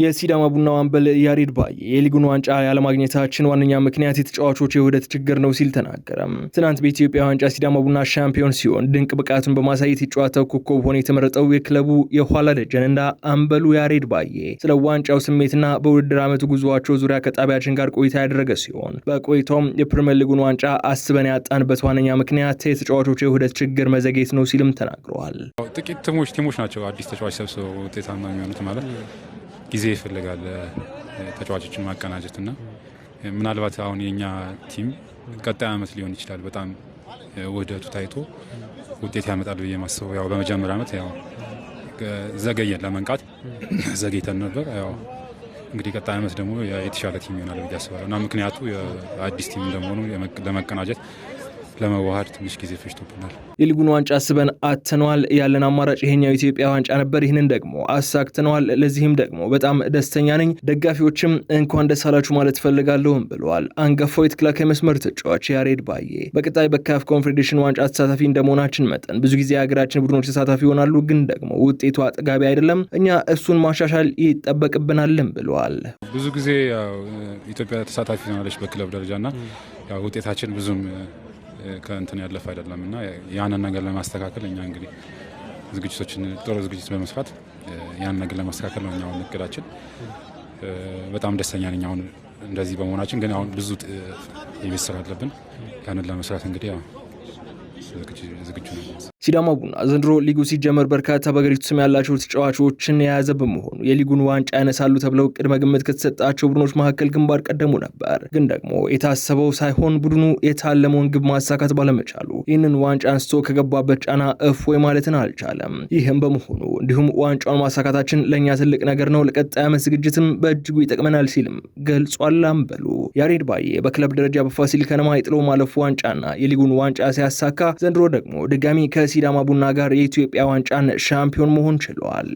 የሲዳማ ቡና አምበል ያሬድ ባዬ የሊጉን ዋንጫ ያለማግኘታችን ዋነኛ ምክንያት የተጫዋቾች የውህደት ችግር ነው ሲል ተናገረም። ትናንት በኢትዮጵያ ዋንጫ ሲዳማ ቡና ሻምፒዮን ሲሆን ድንቅ ብቃቱን በማሳየት የጨዋታው ኮከብ ሆኖ የተመረጠው የክለቡ የኋላ ደጀንዳ አምበሉ ያሬድ ባዬ ስለ ዋንጫው ስሜትና በውድድር ዓመቱ ጉዞቸው ዙሪያ ከጣቢያችን ጋር ቆይታ ያደረገ ሲሆን በቆይታውም የፕሪምየር ሊጉን ዋንጫ አስበን ያጣንበት ዋነኛ ምክንያት የተጫዋቾች የውህደት ችግር መዘግየት ነው ሲልም ተናግረዋል። ጥቂት ቲሞች ናቸው አዲስ ተጫዋች ሰብስበው ውጤታማ የሚሆኑት ማለት ጊዜ ይፈልጋል ተጫዋቾችን ማቀናጀት እና ምናልባት አሁን የእኛ ቲም ቀጣይ አመት ሊሆን ይችላል በጣም ውህደቱ ታይቶ ውጤት ያመጣል ብዬ ማስበው። ያው በመጀመሪያ ዓመት ያው ዘገየን ለመንቃት ዘገይተን ነበር። ያው እንግዲህ ቀጣይ ዓመት ደግሞ የተሻለ ቲም ይሆናል ብዬ አስባለሁ እና ምክንያቱ አዲስ ቲም እንደመሆኑ ለመቀናጀት ለመዋሃድ ትንሽ ጊዜ ፈጅቶብናል። የሊጉን ዋንጫ አስበን አትነዋል። ያለን አማራጭ ይሄኛው የኢትዮጵያ ዋንጫ ነበር። ይህንን ደግሞ አሳክትነዋል። ለዚህም ደግሞ በጣም ደስተኛ ነኝ። ደጋፊዎችም እንኳን ደስ አላችሁ ማለት እፈልጋለሁም ብለዋል። አንጋፋው የተከላካይ መስመር ተጫዋች ያሬድ ባዬ በቀጣይ በካፍ ኮንፌዴሬሽን ዋንጫ ተሳታፊ እንደመሆናችን መጠን ብዙ ጊዜ የሀገራችን ቡድኖች ተሳታፊ ይሆናሉ፣ ግን ደግሞ ውጤቱ አጥጋቢ አይደለም። እኛ እሱን ማሻሻል ይጠበቅብናልም ብለዋል። ብዙ ጊዜ ኢትዮጵያ ተሳታፊ ሆናለች በክለብ ደረጃ ውጤታችን ብዙም ከእንትን ያለፈ አይደለም እና ያንን ነገር ለማስተካከል እኛ እንግዲህ ዝግጅቶችን ጥሩ ዝግጅት በመስፋት ያን ነገር ለማስተካከል ነው እኛውን እቅዳችን። በጣም ደስተኛ ነኝ አሁን እንደዚህ በመሆናችን። ግን አሁን ብዙ የቤት ስራ አለብን። ያንን ለመስራት እንግዲህ ዝግጁ ነው። ሲዳማ ቡና ዘንድሮ ሊጉ ሲጀመር በርካታ በሀገሪቱ ስም ያላቸው ተጫዋቾችን የያዘ በመሆኑ የሊጉን ዋንጫ ያነሳሉ ተብለው ቅድመ ግምት ከተሰጣቸው ቡድኖች መካከል ግንባር ቀደሙ ነበር። ግን ደግሞ የታሰበው ሳይሆን ቡድኑ የታለመውን ግብ ማሳካት ባለመቻሉ ይህንን ዋንጫ አንስቶ ከገባበት ጫና እፎይ ማለትን አልቻለም። ይህም በመሆኑ እንዲሁም ዋንጫውን ማሳካታችን ለእኛ ትልቅ ነገር ነው፣ ለቀጣይ ዓመት ዝግጅትም በእጅጉ ይጠቅመናል ሲልም ገልጿል። አምበሉ ያሬድ ባዬ በክለብ ደረጃ በፋሲል ከነማ የጥሎ ማለፉ ዋንጫና የሊጉን ዋንጫ ሲያሳካ ዘንድሮ ደግሞ ድጋሚ ከ ከሲዳማ ቡና ጋር የኢትዮጵያ ዋንጫን ሻምፒዮን መሆን ችለዋል።